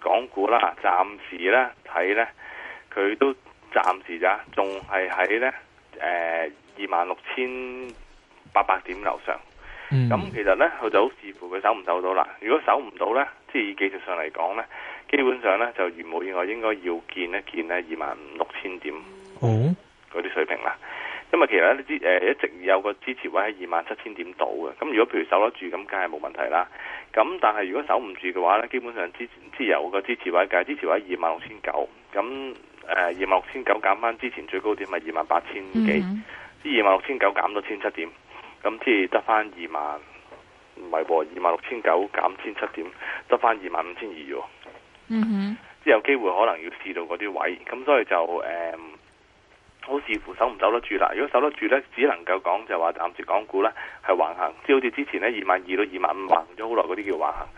港股啦，暫時咧睇咧，佢都暫時咋，仲係喺咧誒二萬六千八百點樓上。咁、嗯嗯、其實咧，佢就好視乎佢守唔守到啦。如果守唔到咧，即係技術上嚟講咧，基本上咧就如無意外應該要見一見咧二萬六千點嗰啲水平啦。哦。因為其實呢啲誒一直有個支持位喺二萬七千點度嘅，咁如果譬如守得住，咁梗係冇問題啦。咁但係如果守唔住嘅話呢，基本上之前之前有個支持位，即支持位二萬六千九。咁誒二萬六千九減翻之前最高點咪二萬八千幾？啲二萬六千九減到千七點，咁即係得翻二萬，唔係二萬六千九減千七點，得翻二萬五千二喎。即係、mm hmm. 有機會可能要試到嗰啲位，咁所以就誒。嗯。好視乎守唔守得住啦。如果守得住呢，只能夠講就話暫時港股呢係橫行，即係好似之前呢，二萬二到二萬五橫咗好耐嗰啲叫橫行。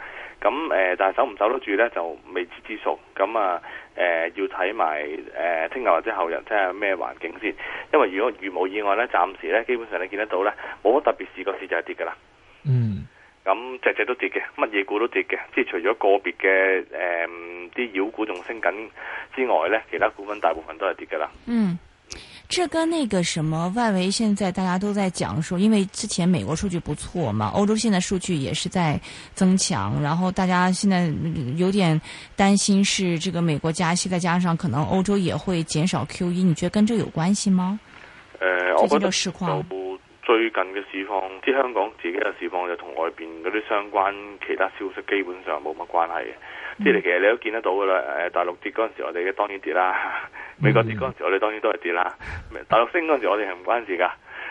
咁、呃、但係守唔守得住呢，就未知之數。咁啊、呃、要睇埋誒聽日或者後日睇下咩環境先。因為如果如無意外呢，暫時呢，基本上你見得到呢，冇乜特別事，個市就係跌㗎啦。嗯，嗯。咁隻隻都跌嘅，乜嘢股都跌嘅。即係除咗個別嘅誒啲妖股仲升緊之外呢，其他股份大部分都係跌㗎啦。嗯。這跟那個什麼外圍現在大家都在講說，因為之前美國數據不錯嘛，歐洲現在數據也是在增強，然後大家現在有點擔心是這個美國加息，再加上可能歐洲也會減少 QE，你覺得跟這有關係嗎？呃，的況我覺得到最近嘅市況，即香港自己嘅市況就同外邊嗰啲相關其他消息基本上冇乜關係嘅。即係你其實你都見得到噶啦，誒大陸跌嗰陣時我哋嘅當然跌啦，美國跌嗰陣時我哋當然都係跌啦，大陸升嗰陣時我哋係唔關事噶，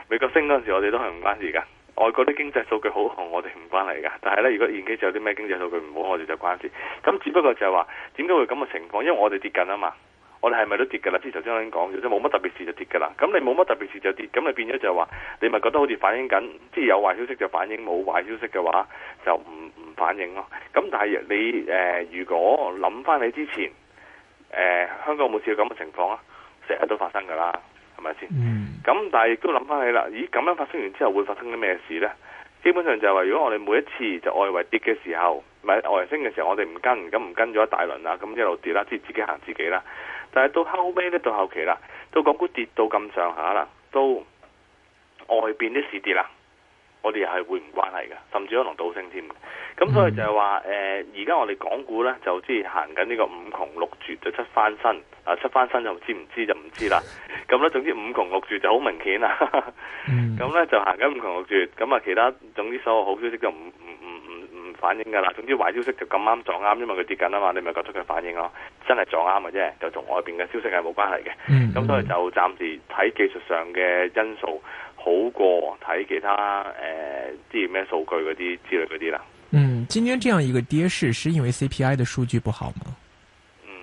美國升嗰陣時我哋都係唔關事噶，外國啲經濟數據好我哋唔關嚟噶但係咧，如果現機就有啲咩經濟數據唔好我哋就關事，咁只不過就係話點解會咁嘅情況，因為我哋跌緊啊嘛。我哋係咪都跌嘅啦？之前頭先我已經講咗，即冇乜特別事就跌嘅啦。咁你冇乜特別事就跌，咁你變咗就係話，你咪覺得好似反映緊，即係有壞消息就反映，冇壞消息嘅話就唔唔反映咯。咁但係你誒、呃，如果諗翻起之前，誒、呃、香港冇試過咁嘅情況啊？成日都發生㗎啦，係咪先？咁、mm. 但係亦都諗翻起啦，咦咁樣發生完之後會發生啲咩事呢？基本上就係話，如果我哋每一次就外圍跌嘅時候，咪外圍升嘅時候，我哋唔跟，咁唔跟咗一大輪啦，咁一路跌啦，即係自己行自己啦。但係到後尾呢，到後期啦，到港股跌到咁上下啦，到外都外邊啲事跌啦。我哋係會唔關係嘅，甚至可能倒升添。咁所以就係話，誒、嗯，而家、呃、我哋港股咧就即係行緊呢個五窮六絕就七翻身，啊，七翻身就知唔知就唔知啦。咁咧，總之五窮六絕就好明顯啦。咁咧、嗯、就行緊五窮六絕，咁啊，其他總之所有好消息就唔唔唔唔唔反映噶啦。總之壞消息就咁啱撞啱，因為佢跌緊啊嘛，你咪覺得佢反應咯，真係撞啱嘅啫，就同外邊嘅消息係冇關係嘅。咁、嗯、所以就暫時睇技術上嘅因素。好過睇其他誒，之前咩數據嗰啲之類嗰啲啦。嗯，今天這樣一個跌市，是因為 CPI 嘅數據不好嗎？嗯，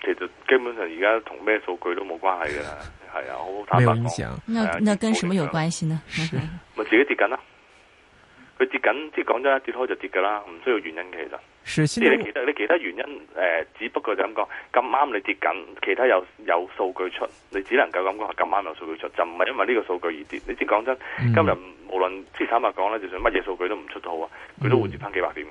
其實基本上而家同咩數據都冇關係噶啦，係 啊，好好坦白講冇影響。響啊、那那跟什麼有關係呢？咪是 自己跌緊啦，佢跌緊即係講真啦，跌開就跌噶啦，唔需要原因其實。即你其他你其他原因誒，呃，只不過就咁講，咁啱你跌緊，其他有有數據出，你只能夠咁講，係咁啱有數據出，就唔係因為呢個數據而跌。你知講真，嗯、今日無論即係坦白講咧，就算乜嘢數據都唔出到啊，佢都會跌翻幾百點嘅。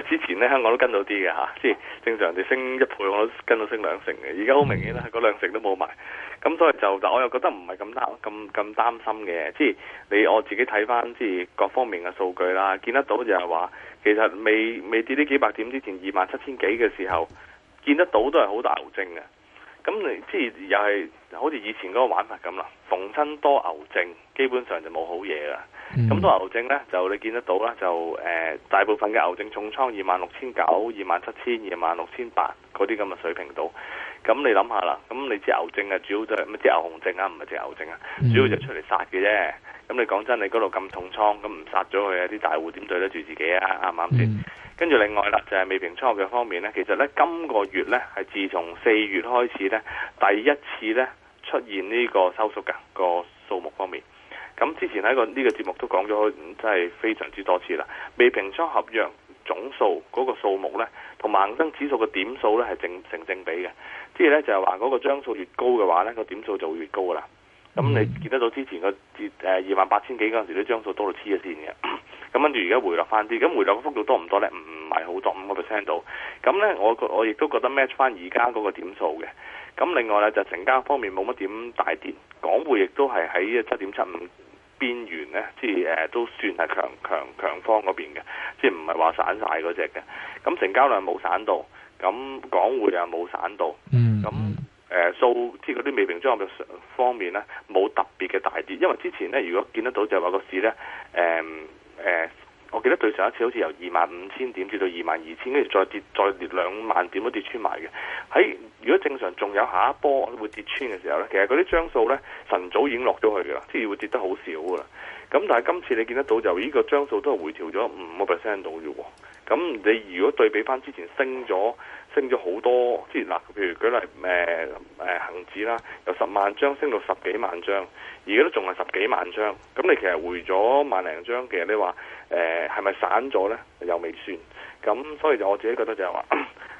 之前咧，香港都跟到啲嘅嚇，即係正常，你升一倍，我都跟到升兩成嘅。而家好明顯啦，嗰兩、嗯、成都冇埋，咁所以就，但我又覺得唔係咁擔咁咁擔心嘅。即係你我自己睇翻，即係各方面嘅數據啦，見得到就係話，其實未未跌啲幾百點之前，二萬七千幾嘅時候，見得到都係好大牛證嘅。咁你即係又係好似以前嗰個玩法咁啦，逢親多牛證，基本上就冇好嘢啦。咁多、嗯、牛證呢，就你見得到啦，就誒、呃、大部分嘅牛證重倉二萬六千九、二萬七千、二萬六千八嗰啲咁嘅水平度。咁你諗下啦，咁你隻牛，就是牛，啊、牛證啊，主要就係乜隻牛熊證啊，唔係隻牛證啊，主要就出嚟殺嘅啫。咁你講真，你嗰度咁重倉，咁唔殺咗佢，啲大戶點對得住自己啊？啱唔啱先？跟住、嗯、另外啦，就係、是、未平倉嘅方面呢。其實呢，今個月呢，係自從四月開始呢，第一次呢出現呢個收縮噶、那個數目方面。咁之前喺個呢個節目都講咗，真係非常之多次啦。未平倉合約總數嗰個數目呢，同恒生指數嘅點數呢，係正成正比嘅。即係呢，就係話嗰個張數越高嘅話呢、個點數就會越高啦。咁你見得到之前 28,、個二誒二萬八千幾嗰陣時，啲張數多到黐咗線嘅。咁跟住而家回落翻啲，咁回落嘅幅度多唔多呢？唔係好多，五個 percent 度。咁呢，我我亦都覺得 match 翻而家嗰個點數嘅。咁另外呢，就、成交方面冇乜點大跌，港匯亦都係喺七點七五。邊緣咧，即係誒都算係強強強方嗰邊嘅，即係唔係話散晒嗰隻嘅。咁成交量冇散到，咁港匯又冇散到，咁誒數即係嗰啲未平張嘅方面咧冇特別嘅大跌，因為之前咧如果見得到就係話個市咧誒誒。呃呃我記得對上一次好似由二萬五千點跌到二萬二千，跟住再跌再跌兩萬點都跌穿埋嘅。喺如果正常仲有下一波會跌穿嘅時候呢，其實嗰啲張數呢，晨早已經落咗去㗎啦，即係會跌得好少噶啦。咁但係今次你見得到就由呢個張數都係回調咗五個 percent 度啫喎。咁你如果對比翻之前升咗。升咗好多，即係嗱，譬如舉例誒誒恆指啦，由十萬張升到十幾萬張，而家都仲係十幾萬張，咁你其實回咗萬零張，其實你話誒係咪散咗咧？又未算，咁所以就我自己覺得就係話，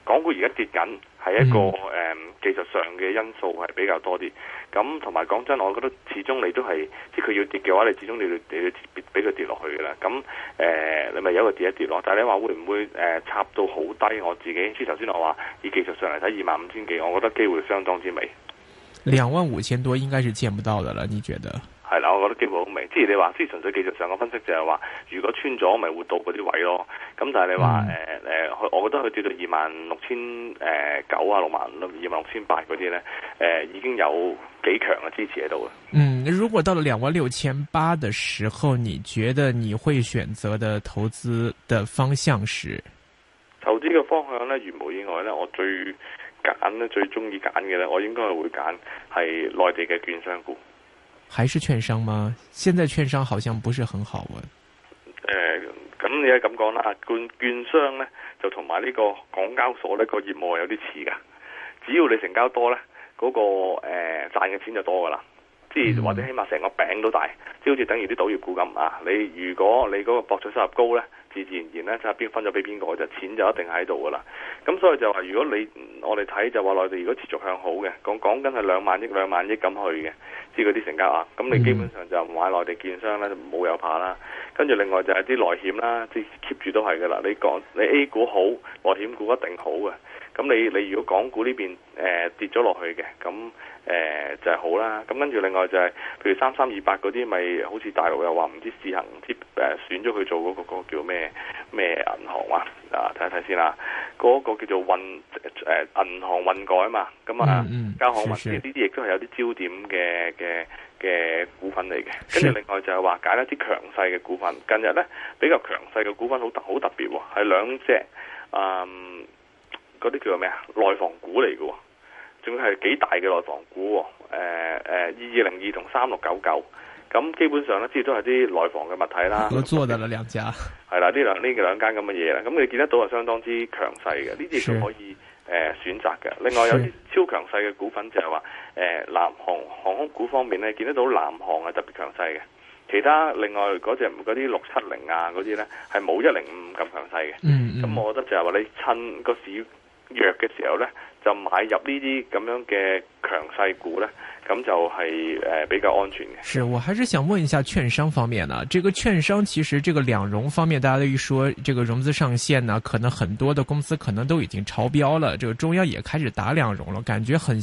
港股而家跌緊。係一個誒、嗯嗯、技術上嘅因素係比較多啲，咁同埋講真，我覺得始終你都係，即係佢要跌嘅話，你始終你你要你要俾佢跌落去嘅啦。咁誒，你咪有一個跌一跌咯。但係你話會唔會誒、呃、插到好低？我自己即頭先我話以技術上嚟睇二萬五千幾，我覺得機會相當之微。兩萬五千多應該係見唔到嘅啦，你覺得？係啦，我覺得基本好明。即係你話，即係純粹技術上嘅分析就係話，如果穿咗，咪會到嗰啲位咯。咁但係你話，誒誒哇、呃，我覺得佢跌到二萬六千誒九啊六萬六二萬六千八嗰啲咧，誒、呃、已經有幾強嘅支持喺度嘅。嗯，如果到咗兩萬六千八嘅時候，你覺得你會選擇的投資嘅方向是？投資嘅方向咧，如無意外咧，我最揀咧最中意揀嘅咧，我應該係會揀係內地嘅券商股。還是券商嗎？現在券商好像不是很好啊。誒、呃，咁你一咁講啦，券券商咧就同埋呢個港交所呢個業務有啲似，噶，只要你成交多咧，嗰、那個誒、呃、賺嘅錢就多噶啦。即係或者起碼成個餅都大，即好似等於啲賭業股咁啊！你如果你嗰個博彩收入高呢，自自然然呢，即係邊分咗俾邊個就錢就一定喺度噶啦。咁所以就話如果你我哋睇就話內地如果持續向好嘅，講講緊係兩萬億兩萬億咁去嘅，即係啲成交啊，咁你基本上就唔買內地券商呢，就冇有有怕啦。跟住另外就係啲內險啦，即係 keep 住都係噶啦。你講你 A 股好，內險股一定好嘅。咁你你如果港股呢邊誒跌咗落去嘅，咁、嗯、誒、呃、就係、是、好啦。咁跟住另外就係、是，譬如三三二八嗰啲，咪好似大陸又話唔知自行接誒、嗯、選咗佢做嗰、那個那個叫咩咩銀行啊？啊，睇一睇先啦。嗰、那個叫做運、呃、銀行運改嘛，咁啊，交、嗯嗯、行混。即係呢啲亦都係有啲焦點嘅嘅嘅股份嚟嘅。跟住另外就係話揀一啲強勢嘅股份。近日呢，比較強勢嘅股份好好特別喎，係兩隻、嗯嗰啲叫做咩啊？內房股嚟嘅、哦，仲係幾大嘅內房股、哦。誒、呃、誒，二二零二同三六九九，咁基本上呢，即係都係啲內房嘅物體啦。合作嘅兩家，係啦，呢兩呢兩間咁嘅嘢啦。咁你見得到係相當之強勢嘅，呢啲佢可以誒是、呃、選擇嘅。另外有啲超強勢嘅股份就係話，誒、呃、南航航空股方面咧，你見得到南航係特別強勢嘅。其他另外嗰隻嗰啲六七零啊嗰啲呢，係冇一零五五咁強勢嘅。咁、嗯嗯、我覺得就係話你趁個市。弱嘅時候呢，就買入呢啲咁樣嘅強勢股呢，咁就係、是、誒、呃、比較安全嘅。是我還是想問一下券商方面呢、啊？這個券商其實這個兩融方面，大家都一說，這個融資上限呢，可能很多的公司可能都已經超標了。這個中央也開始打兩融了，感覺很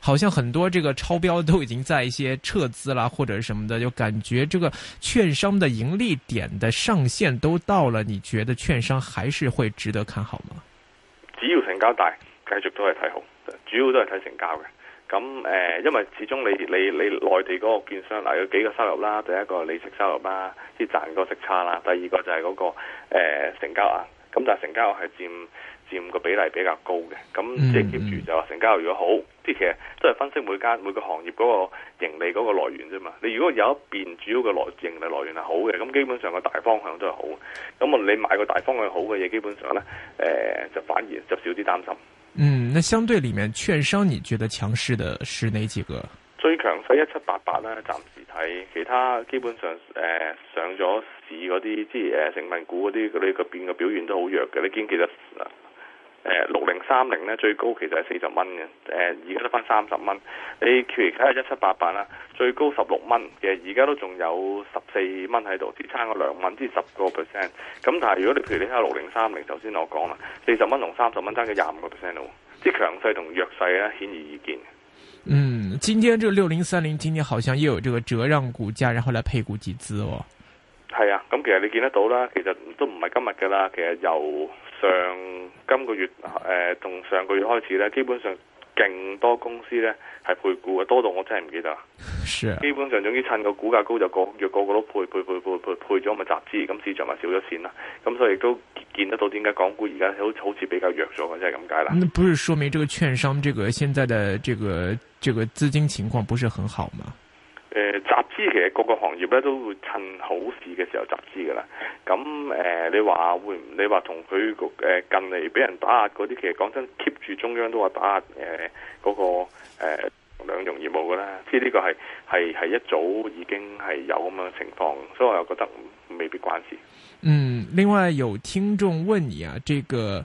好像很多這個超標都已經在一些撤資啦或者什麼的，就感覺這個券商的盈利點的上限都到了。你覺得券商還是會值得看好嗎？只要成交大，繼續都係睇好，主要都係睇成交嘅。咁誒、呃，因為始終你你你內地嗰個券商，嗱有幾個收入啦，第一個利息收入啦，啲賺個息差啦，第二個就係嗰、嗰個、呃、成交額，咁但係成交額係佔。佔個比例比較高嘅，咁即係跟住就話成交如果好，即係其實都係分析每間每個行業嗰個盈利嗰個來源啫嘛。你如果有一邊主要嘅來盈利來源係好嘅，咁基本上個大方向都係好的。咁啊，你買個大方向好嘅嘢，基本上咧，誒、呃、就反而就少啲擔心。嗯，那相對裡面券商，你覺得強勢的是哪幾個？最強勢一七八八啦，暫時睇其他基本上誒、呃、上咗市嗰啲，即係誒成份股嗰啲，你呢個邊嘅表現都好弱嘅。你見其實誒，六零三零咧最高其實係四十蚊嘅，誒而家得翻三十蚊。你譬如睇下一七八八啦，最高十六蚊其實，而家都仲有十四蚊喺度，只差個兩蚊，即係十個 percent。咁但係如果你譬如你睇下六零三零，頭先我講啦，四十蚊同三十蚊差咗廿五個 percent 咯，即係強勢同弱勢咧顯而易見。嗯，今天呢個六零三零，今天好像又有這個折讓股價，然後嚟配股集資哦。係、嗯嗯哦、啊，咁、嗯、其實你見得到啦，其實都唔係今日噶啦，其實由。上今個月，誒、呃、同上個月開始咧，基本上勁多公司咧係配股嘅，多到我真係唔記得啦。是、啊。基本上總之趁個股價高就個個個個都配配配配配配咗，咪集資，咁市場咪少咗錢啦。咁所以亦都見得到點解港股而家好好似比較弱咗嘅，即係咁解啦。那不是說明這個券商這個現在的這個這個資金情況不是很好嘛？誒，集資其實各個行業咧都會趁好事嘅時候集資噶啦。咁誒，你話會唔？你話同佢誒近嚟俾人打壓嗰啲，其實講真，keep 住中央都話打壓誒嗰個誒兩融業務噶啦。知呢個係係係一早已經係有咁樣嘅情況，所以我又覺得未必關事。嗯，另外有聽眾問你啊，呢、這個。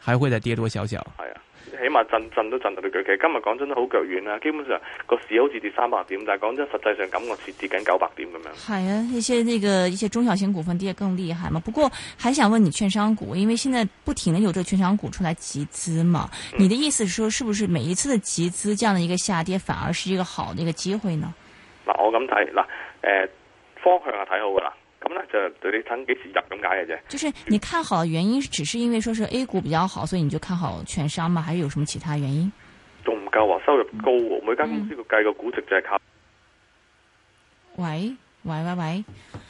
還會再跌多小小。係啊，起碼震震都震到兩句。其實今日講真都好腳軟啊，基本上個市好似跌三百點，但係講真，實際上感覺似跌緊九百點咁樣。係啊，一些那個一些中小型股份跌得更厲害嘛。不過還想問你，券商股，因為現在不停的有這個券商股出來集資嘛，嗯、你的意思是說，是不是每一次的集資這樣的一個下跌，反而是一個好的一個機會呢？嗱，我咁睇，嗱，誒、呃，方向係睇好噶啦。咁咧就對你等幾時入咁解嘅啫。就是你看好嘅原因，只是因為說是 A 股比較好，所以你就看好券商嘛？還是有什麼其他原因？仲唔夠話收入高，啊，每間公司個計個估值就係靠，嗯。喂喂喂喂！